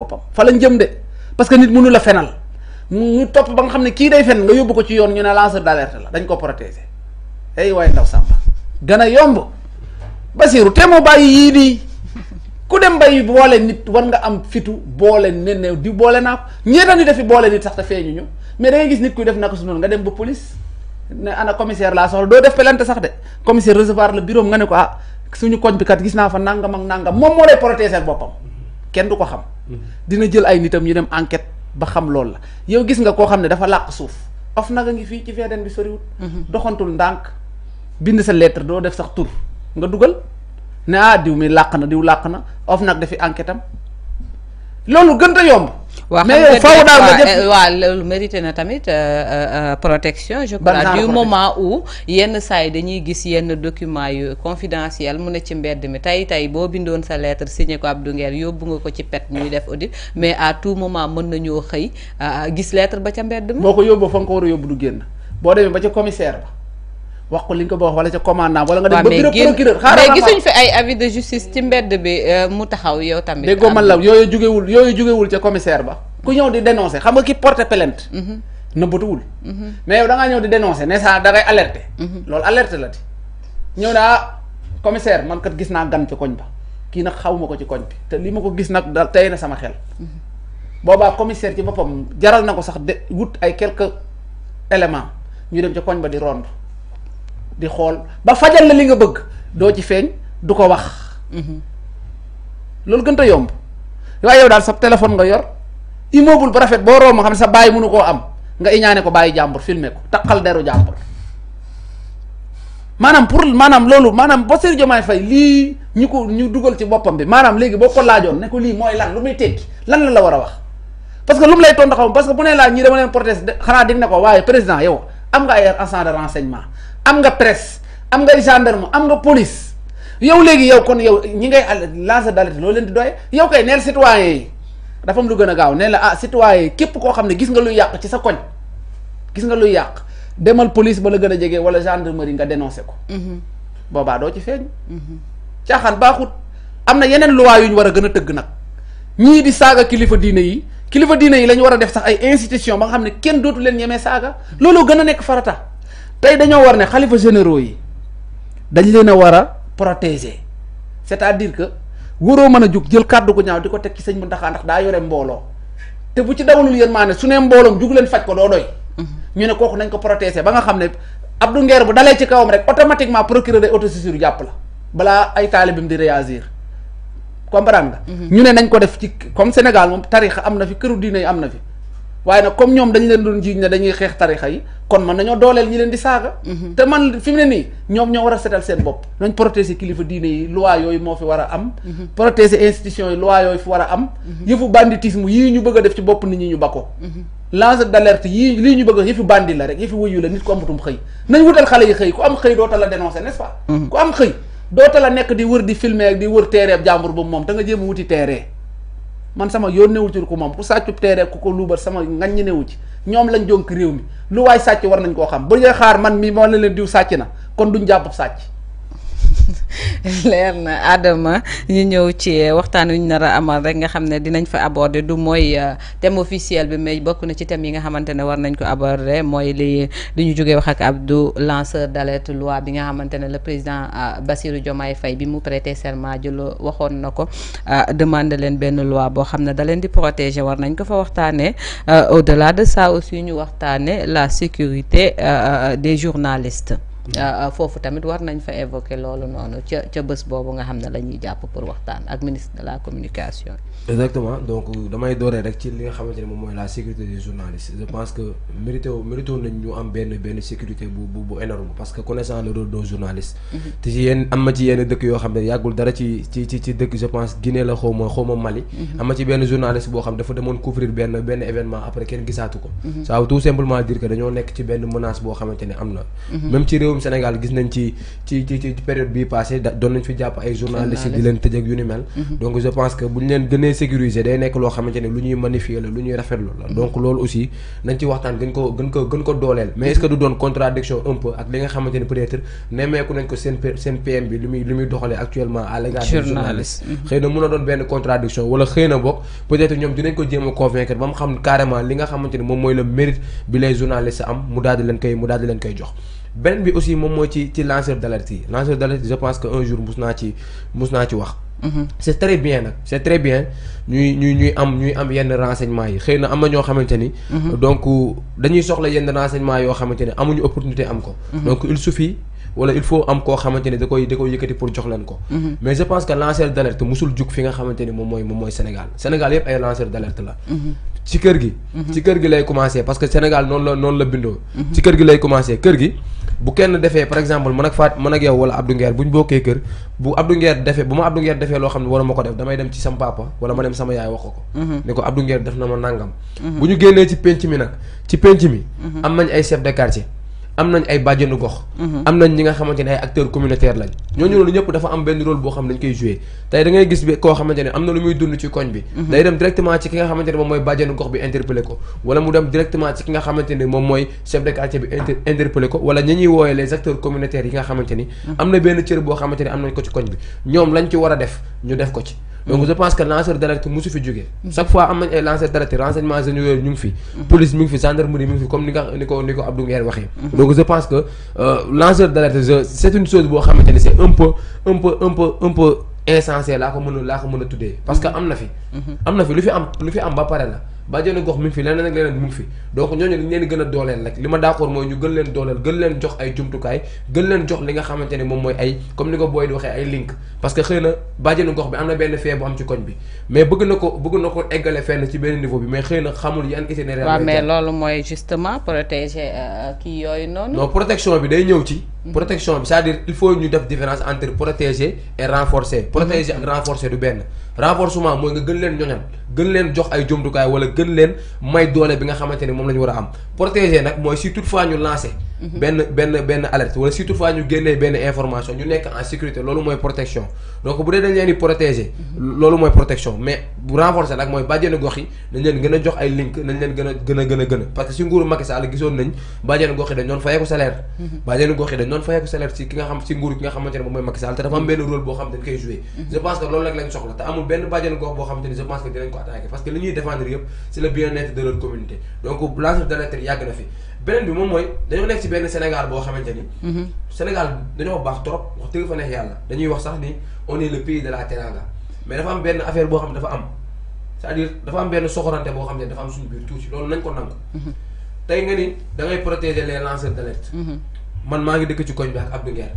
boppam fa lañ jëm de parce que nit mënu la fenal mu ñu topp ba nga xam ne kii day fen nga yóbbu ko ci yoon ñu ne lanceur d'alerte la dañ ko protéger ay waaye ndaw sàmba gën a yomb Basiru te moo bàyyi yii nii ku dem bay boole nit war nga am fitu boole ne di boole naa ko ñeeta ñu defi boole nit sax te feeñu ñu mais da ngay gis nit kuy def naka su noonu nga dem ba police ne ana commissaire laa soxla doo def plainte sax de commissaire recevoir le bureau nga ne ko ah, suñu koñ bi naa fa nangam ak nangam moom moo lay protéger boppam kenn du ko xam. dina jël ay nitam ñu dem enquête ba xam loolu la yow gis nga koo xam ne dafa làq suuf of nag a ngi fii ci VDN bi soriwut mhm. doxantul ndànk bind sa lettre doo def sax tur nga dugal ne ah diw mi làq na diw làq na of nag dafi enquête am loolu gën a yomb waa faaw eh, loolu mérité na tamit euh, euh, euh, protection je crois du moment où yenn saa yi dañuy gis yenn document yu confidentiel mu ne ci mbedd mi tey tey boo bindoon sa lettre signé ko Abdou Nguer yóbbu nga ko ci pet ñuy def audit mais à tout moment mën nañoo xëy gis lettre ba ca mbedd mi. boo ko yóbbu fa nga ko war a yóbbu du génn boo demee ba ca commissaire ba. wax ko li ñu ko wax wala ca commandant wala nga dem ba bureau procureur xaaral mais gisuñ fi ay avis de justice ci mbedd bi euh, mu taxaw yow tamit déggoo man la yooyu jógewul yooyu jógewul ca commissaire ba ku ñëw di dénoncer xam nga ki porté plainte mhm. nëbbatuwul mhm. mais yow da ngaa ñëw di dénoncer ne ça da ngay alerter mhm. loolu alerte la di ñëw ne ah commissaire man kat gis naa gan ci koñ ba kii nag xaw ma ko ci koñ bi te li ma ko gis nag da tey na sama xel boobaa commissaire ci boppam jaral na ko sax de wut ay quelques éléments ñu dem ca koñ ba di rond di xool ba fajal la li nga bëgg doo ci feeñ du ko wax mhm. loolu gën a yomb waaye yow daal sa téléphone nga yor immeuble bu rafet boo romb xam ne sa bàyyi mënu koo am nga iñaane ko bàyyi jàmbur filmer ko taqal deru jàmbur maanaam pour maanaam loolu maanaam Bassirou Diomaye Faye lii ñu ko ñu dugal ci boppam bi maanaam léegi boo ko laajoon ne ko lii mooy lan lu muy tekki lan la la war a wax parce que lu mu lay tontu xaw parce que bu nee laaj ñii dama leen xanaa dig ne ko waaye président yow am nga ay agent am nga press am nga gendarme am nga police yow léegi yow kon yow ñi ngay lancer d'alerte loolu leen di doye yow kay neel citoyen yi dafa am lu gën a gaaw nee la ah citoyen yi képp koo xam ne gis nga luy yàq ci sa koñ gis nga luy yàq demal police ba la gën a jege wala gendarmerie nga dénoncé ko. Mhm. boobaa doo ci feeñ. Mhm. caaxaan baaxut am na yeneen loi yu ñu war a gën a tëgg nag ñii di saaga kilifa diine yi kilifa diine yi la ñu war a def sax ay institution ba nga xam ne kenn dootu leen ñemee saaga looloo gën a nekk farata. tey dañoo war ne xalifa généraux yi dañ leen a war a protéger c'est-à-dire que waroo mën a jug jël kàddu ko ñaaw di ko teg ci sëñ Muntaxa ndax daa yore mbooloo te bu ci dawalul yéen maa ne su ne mbooloom jug leen faj ko doo doy mhm. ñu ne kooku nañ ko protéger ba nga xam ne Abdou Nguer bu dalee ci kawam rek automatiquement procureur day jàpp la balaa ay taalibim di réagir comprendre nga mhm. ñu ne nañ ko def ci comme Sénégal moom am fi këru diine yi fi waaye na comme ñoom dañu leen doon jiiñ ne dañuy xeex tarixa yi kon man nañoo dooleel ñi leen di saaga mhm. te man fi mu ne nii ñoom ñoo war a setal seen bopp nañ protéger kilifa diine yi loi yooyu moo fi war a am mhm. protéger institution yi loi yooyu fi war a am mhm. yëfu banditisme yii ñu bëgg def ci bopp nit ñi ñu bakko lance d'alerte yii lii ñu bëgg a yëfi bandi la rek yëfi wuyu la nit ku amatum xëy nañ wutal xale yi xëy ku am xëy doota la dénoncer n'est-ce pas ku am xëy doota la nekk di wër di filmer di wër teereeb jàmbur moom da nga jéem a man sama yoon newu ci ku moom ku sàccu teere ku ko luubar sama ngañ newu ci ñoom lañ jonk réew mi lu waaye sàcc war nañ koo xam bu ñuy xaar man mii moo leen leen diw sàcc na kon duñ jàpp sàcc leer na Adama ñu ñëw ci euh, waxtaan wi ñu nar a amal rek nga xam ne dinañ fa aborder du mooy euh, thème officiel bi mais bokk na ci thème yi nga xamante ne war nañ ko aborder mooy li li ñu jógee wax ak ab du lanceur d'alerte loi bi nga xamante ne le président euh, Bassirou Diomaye fay bi mu prêter serment jëlo waxoon na ko demande leen benn loi boo xam ne da leen di protéger war nañ ko fa waxtaanee au-delà de ça aussi ñu waxtaane la sécurité des journalistes. Ah, ah, foofu tamit war nañ fa évoquer loolu noonu ca ca bés boobu nga xam ne la ñuy jàpp pour waxtaan ak ministre de la communication. exactement donc damay dooree rek ci li nga xamante ne moom mooy la sécurité des journalistes je pense que mérité mérité bu bu bu énorme parce que connaissant le rôle de mhm. ci am na ci yenn dëkk yoo xam ne yàggul dara ci ci ci ci dëkk je pense Guinée la xaw ma xaw ma mhm. benn journaliste boo xam dafa demoon benn benn événement après kenn gisaatu ko. Mhm. ça veut tout xamante ne am na. même ci réew comme Sénégal gis nañ ci ci ci période bi passé doon nañ fi japp ay journalistes di leen tëj ak yu ni mel mhm. donc je pense que buñ ñu leen gënee sécuriser day nekk lo xamanteni luñuy lu ñuy magnifier la lu rafetlu la donc lool aussi nañ ci waxtaan gën ko gën ko gën ko dolel mais est-ce que du doon contradiction un peu ak li nga xamanteni ne peut-être nemmeeku nañ ko sen sen PM bi lu muy lu actuellement à l'égard des journalistes mhm. xëy na mën a doon benn contradiction wala xeyna bok peut-être ñom dinañ ko jëm convaincre ba mu xam carrément li nga xamanteni mom moy le mérite bi les journalistes am mu daal di leen kay mu daal di leen kay jox ben bi aussi mom mooy ci ci lanceur d'alerte lanceur d'alerte je pense que un jour mus ci mus ci wax. Mhm. c'est très bien nak c'est très bien ñuy ñuy ñuy am ñuy am yenn renseignements yi xëy am na ñoo xamante ni. Mhm. donc dañuy soxla yenn renseignements yo xamanteni amuñu opportunité am ko. Mhm. donc il suffit wala il faut am ko xamanteni da koy da koy yëkëti pour jox ko. mais je pense que lanceur d'alerte musul juk fi nga xamanteni mom moy mom moy Sénégal Sénégal yépp ay lanceur d'alerte la. ci kër gi. Mhm. ci kër gi lay commencé parce que Sénégal noonu la noonu la bindoo. Mhm. ci kër gi lay commencé kër gi. bu kenn defee par exemple man ak Faat man ak yow wala Abdou Nguer bu ñu bokkee kër bu Abdou Nguer defee bu ma Abdou Nguer defee loo xam ne ma ko def damay dem ci sama papa wala ma dem sama yaay wax ko ko. Mhm. ko Abdou Nguer def na ma nangam. bu ñu génnee ci penc mi nag ci penc mi. am nañ ay chef de quartier. am nañ ay bàjjenu gox. Mhm. am nañ ñi nga xamante ne ay acteurs communautaires lañ. ñooñu loolu ñëpp dafa am benn rôle boo xam dañ koy joué tey da ngay gis bi koo xamante am na lu muy dund ci koñ bi. Mhm. day dem directement ci ki nga xamante ne moom mooy bàjjenu gox bi interpellé ko wala mu dem directement ci ki nga xamante ne moom mooy chef de quartier bi inter interpellé ko wala ñi ñuy wooyee les acteurs communautaires yi nga xamante mhm. am na benn cër boo xamante ne am nañ ko ci koñ bi a def ñu def ko ci. donc mhm. je pense que lanceur d'alerte mosu fi jógee mhm. chaque fois am nañ ay lanceur d'alerte renseignement généraux yooyu ñu ngi fi mhm. police mi ngi fi gendarmerie mi ngi fi comme ni ko ni ko Abdou Nguer waxee donc je pense que euh, lanceur d'alerte je c'est une boo xamante ne c'est un peu un peu un peu un peu insensé laa ko mën laa ko mën a tuddee parce que am na fi am na fi lu fi am lu fi am ba pare la bàjjenu gox mi ngi fi leneen ak leneen mu ngi fi donc ñooñu dañ leen gën a dooleel rek li ma d'accord mooy ñu gën leen dooleel gën leen jox ay jumtukaay gën leen jox li nga xamante ne moom mooy ay comme ni ko booy di waxee ay link parce que xëy na bàjjenu gox bi am na benn fee bu am ci koñ bi mais bëgg na ko bëgg na ko eggale fenn ci benn niveau bi mais xëy na xamul yan itinéraire waaw mais loolu mooy justement protéger euh, kii yooyu noonu non protection bi day ñëw ci Mhm. protection c'est-à-dire il faut une différence entre protéger et renforcer. protéger et mhm. renforcer du ben. renforcement moy nga gën le gën jox ay kay wala gën le may doole bi nga la protéger c'est si toutefois ñu lancer. Mhm. benn benn benn alerte wala surtout fois ñu génnee benn information ñu nekk en sécurité loolu mooy protection donc bu dee dañ leen di protéger mhm. loolu mooy protection mais bu renforcer nag mooy bàjjenu gox yi nañ leen gën a jox ay link nañ leen gën a gën a gën a gën a parce que si nguuru Macky Sall gisoon nañ bàjjenu gox yi dañ doon fayeeku salaire mhm. bàjjenu gox yi dañ doon fayeeku salaire si ki nga xam si nguur ki nga xamante ne moom mooy Macky Sall te dafa am benn rôle boo xam dañ koy jouer je pense que loolu rek lañ soxla te amul benn bàjjenu gox boo xamante ne je pense que dinañ ko attaquer parce que li ñuy défendre yëpp c'est le bien-être de leur communauté donc lanceur d'alerte yàgg na fi benen bi moom mooy dañoo nekk ci benn Sénégal boo xamante ni. Mhm. Sénégal dañoo baax trop wax dëgg fa neex yàlla dañuy wax sax ni on est le pays de la teranga mais dafa am benn affaire boo xam dafa am c'est-à-dire dafa am benn soxorante boo xam ne dafa am suñu biir tuuti loolu nañ ko nangu. Mhm. tey nga ni da ngay protéger les lanceurs d'alerte. Mhm. man maa ngi dëkk ci koñ bi ak Abdou Nguer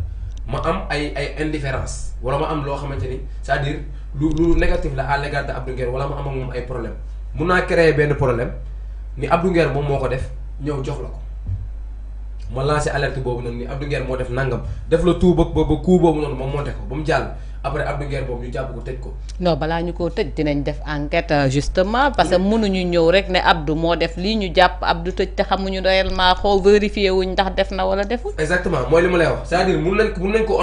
ma am ay ay indifférence wala ma am loo xamante ni c'est-à-dire lu lu négatif la à l'égard de Abdou Nguer wala ma am ak moom ay problème mun naa créer benn problème ni Abdou Nguer moom moo ko def. ñëw jox la ko ma lancé alerte boobu noonu ni Abdou Nguer moo def nangam def la tout ba ba coup boobu noonu ma monté ko ba mu jàll après Abdou Nguer boobu ñu jàpp ko tëj ko. non balaa ñu ko tëj dinañ def enquête euh, justement parce que ñuy ñëw rek ne Abdou moo def lii ñu jàpp Abdou tëj te xamuñu réellement xoo vérifié wuñ ndax def na wala defu exactement mooy li ma lay wax c'est-à-dire mun nañ ko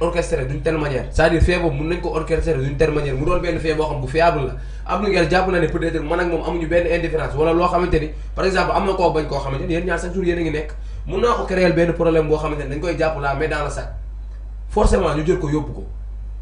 orchestrer d'une telle manière cest dire fee boobu mun nañ ko orchestrer d'une telle mu doon benn fee boo xam bu fiable la Abdou jàpp na ne peut-être man ak moom amuñu benn indifférence wala loo xamante ni par exemple am na a ngi nekk mun naa ko créer benn problème boo dañ koy jàpp la mais dans le sac ko yóbbu ko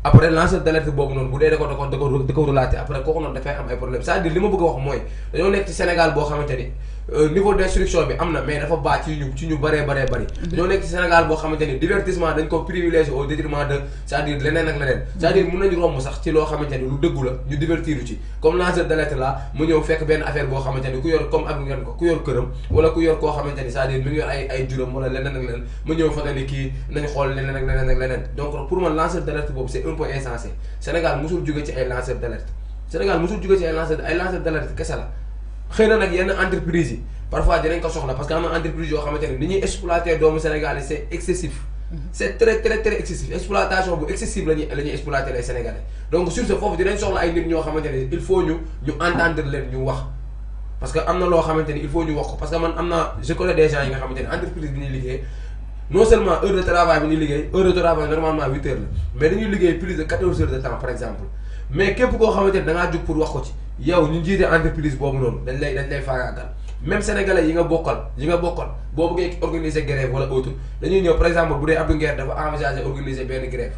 après lanceur d'alerte boobu noonu bu dee da ko da ko da ko relaté après kooku noonu dafay am ay problème c'est-à-dire li ma bëgg a wax mooy dañoo nekk ci Sénégal boo xamante ni Euh, niveau d'instruction bi am na mais dafa baax ci ñu ci ñu bëree bëree bëri dañoo nekk ci Sénégal boo xamante ni divertissement dañ ko privilégié au détriment de c'est-à-dire leneen ak leneen c'est-à-dire mun nañu romb sax ci loo xamante lu dëggu la ñu divertir ci comme lanceur d'alerte la mu ñëw fekk benn affaire boo xamante ku yor comme ak ngeen ko ku yor këram wala ku yor koo xamante ni c'est-à-dire yor ay ay juróom wala leneen ak leneen mu ñëw fa ni xëy nak nag yenn entreprise yi parfois dinañ ko soxla parce que am na entreprise yoo xamante ne ni ñuy exploiter doomu sénégalais c' est excessif. Mhm. c' est très très très excessif exploitation bu excessive la ñuy la ñuy exploiter les sénégalais donc sur ce foofu dinañ soxla ay nit ñoo xamante ne il faut ñu ñu entendre leen ñu wax. parce que am na loo xamante ni il faut ñu wax ko parce que man am naa je connais des gens yi nga xamante ne entreprise bi ñuy liggéey non seulement heure de travail bi ñuy liggéey heure de travail normalement huit heures la mais dañuy liggéey plus de 14 heures de temps par exemple mais képp koo xamante ne da ngaa jug pour wax ko ci. yow ñu jiite entreprise boobu noonu dañ lay dañ lay faagaagal même sénégalais yi nga bokkal yi nga bokkal boo bëggee organiser grève wala autre dañuy ñëw par exemple bu dee Abdou dafa envisager organiser benn grève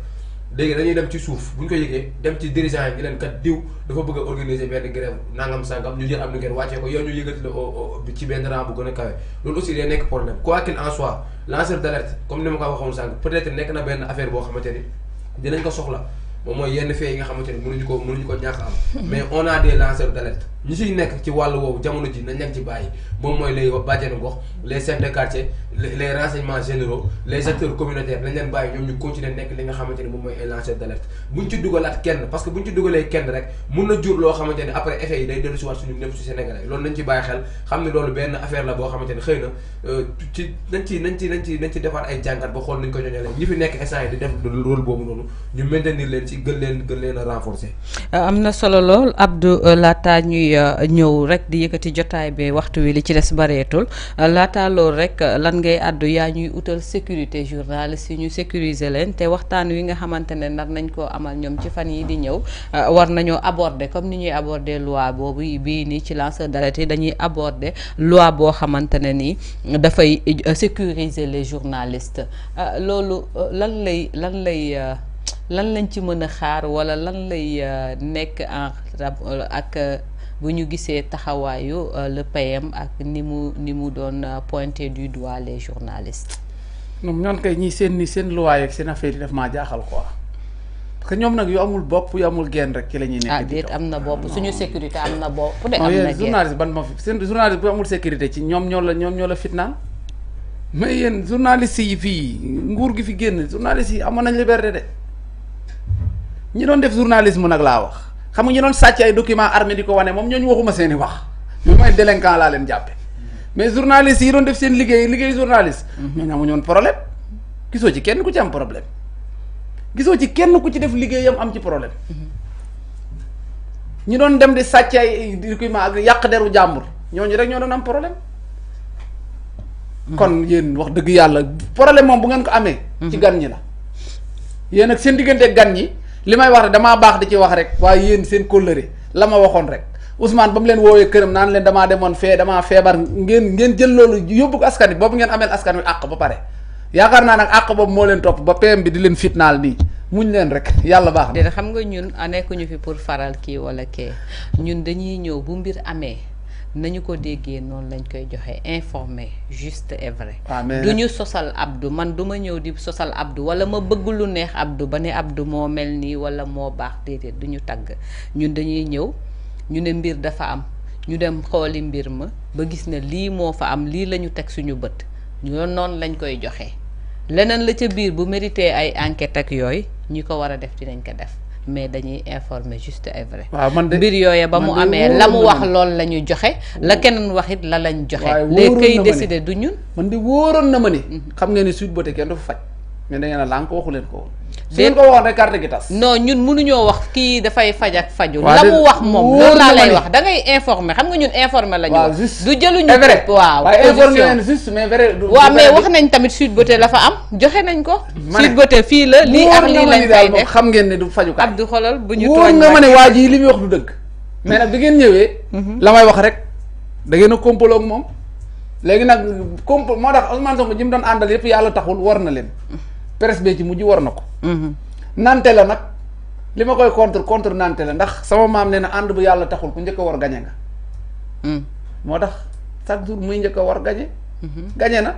léegi dañuy dem ci suuf bu ñu ko yëgee dem ci dirigeant yi ñu leen kat diw dafa bëgg a organiser benn grève nangam sangam ñu jël Abdou Nguer ko yow ñu yëgati la ci benn rang bu gën a kawe loolu aussi day nekk problème quoi qu'il en soit lanceur d'alerte comme ni ko waxoon sànq peut-être nekk na benn affaire boo xamante ni dinañ ko soxla Au moins il y a des xamante mais on a des lanceurs d'alerte ñi siy nekk ci wàllu woowu jamono ji nañ ci bàyyi moom mooy les bàjjenu gox les chefs de quartier les renseignements am na solo lool Abdou euh, laata ñuy euh, ñëw rek di yëkkati jotaay bi waxtu wi li ci des bareetul laataa loolu rek lan ngay àddu yaa ñuy utal sécurité journaliste yi ñu sécuriser leen te waxtaan wi nga xamante ne nar nañ koo amal ñoom ci fan yi di ñëw uh, war nañoo aborder comme ni ñuy aborder loi boobu bii nii ci lanceur d'alerte yi dañuy aborder loi boo xamante ne nii dafay uh, sécuriser les journalistes uh, loolu lan lay lan lay lan lañ ci mën a xaar wala lan lay nekk en ak bu ñu gisee taxawaayu euh, le PM ak ni mu ni mu doon euh, pointer du doigt les journalistes. ñoom ñoon kay ñi seen ni seen luwaay ak seen affaire yi daf maa jaaxal quoi. parce que ñoom nag yu amul bopp yu amul genn rek ki la ñuy nekk. ah déet am na bopp suñu sécurité am na bopp. de am na genn journaliste ban ma fi seen journaliste bu amul sécurité ci ñoom ñoo la ñoom ñoo la fitnaan mais yéen journaliste yi fii nguur gi fi génn journaliste yi am na liberté de ñi doon def journalisme nag laa wax. xam nga ñu doon sàcc ay document armé di ko wane moom ñooñu waxuma seen i wax ñu mooy délinquant laa leen jàppe mais journaliste yi doon def seen liggéey liggéey journaliste mhm. ñooñu amuñu ñoon problème gisoo ci kenn ku ci am problème gisoo ci kenn ku ci def liggéeyam am ci problème mhm. ñu doon dem di sàcc ay document ak yàq deru jàmbur ñooñu rek ñoo doon am problème mhm. kon yéen wax dëgg yàlla problème moom bu ngeen ko amee ci gan ñi la yéen ak seen diggante gan ñi li may wax rek damaa baax di ci wax rek waaye yéen seen kóllëre la ma waxoon rek Ousmane ba mu leen woowee këram naan leen damaa demoon fee damaa feebar ngeen ngeen jël loolu yóbbu ko askan bi boobu ngeen ameel askan wi àq ba pare yaakaar naa nag àq boobu moo leen topp ba PM bi di leen fitnaal nii muñ leen rek yàlla baax na. xam nga ñun a nekkuñu fi pour faral kii wala kee ñun dañuy ñëw bu mbir amee. Nous ko déggee noonu lañ koy joxe informé juste et vrai ah, du sosal Abdou man du di sosal Abdou wala ma bëgg lu neex Abdou ba ne Abdou moo mel wala moo baax déedéet du ñu tagg ñun dañuy ñëw ñu ne mbir dafa am ñu dem xooli ne li moo fa am lii la ñu suñu bët noonu lañ koy la bu mérité ay enquête ak ko war mais dañuy informé juste et waaw man de mbir yooya ba mu amee la mu wax loolu la ñu joxe. la keneen wax it la lañ joxe. waaye wóoroon na ma ne léegi kay décider du ñun. man de wóoroon na ma ne. Mm-hmm. xam ngeen ne Sweet Beauté kenn du fa faj. mais da ngeen a lànk waxu ko. seen ko waxoon rek carte gitas non ñun mënu ñoo wax ki da fay faj ak faju la mu wax mom loolu la lay wax da ngay informer xam nga ñun informer lañu du jëlu ñu. waaw ay informer ñen juste mais vrai. wa mais wax nañ tamit suite Beauté la fa am joxe nañ ko. suite Beauté fi la li ak li lañ fay def xam ngeen ne du faju ak du xolal bu ñu tooñ wóor nga ma ne waa wax du deug mais nak bi ngeen ñëwé mhm. la may wax rek da ngeen a complot ak mom léegi nak complot mo tax Ousmane Sonko jim mu doon àndal yëpp yàlla taxul war na leen Pers be ci mujj war nako hmm nante la nak lima koy contre contre nante la ndax sama mam nee na bu yalla taxul ku ñëk war gagné nga. hmm motax chaque jour muy ñëk war gagné hmm gagné na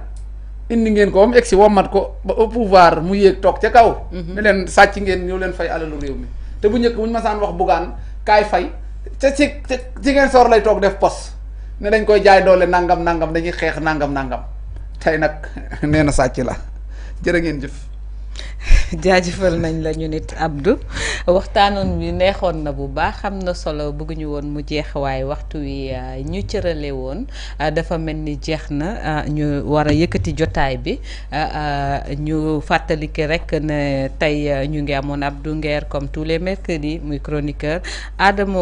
indi ngeen ko am exi egg si ko ba au pouvoir mu yek tok ci kaw. Mhm. ne len sacc ngeen ñu len fay alalu rew mi te bu ñëk bu ma masaan wax bugan kay fay ca ci ci ngeen sor lay tok def pos ne dañ koy jaay doole nangam nangam dañuy xex nangam nangam tay nak neena sacc la jere ngeen jëf. jaajëfal nañ la ñu nit abdu waxtaanoon bi neexoon na bu baax xam na solo bëgguñu woon mu jeex waaye waxtu wi euh, ñu cërale woon euh, dafa mel ni jeex na euh, ñu war a yëkkati jotaay bi ñu fàttali ki rek ne tey ñu ngi amoon Abdou Nguer comme tous les mercredis muy chroniqueur Adamo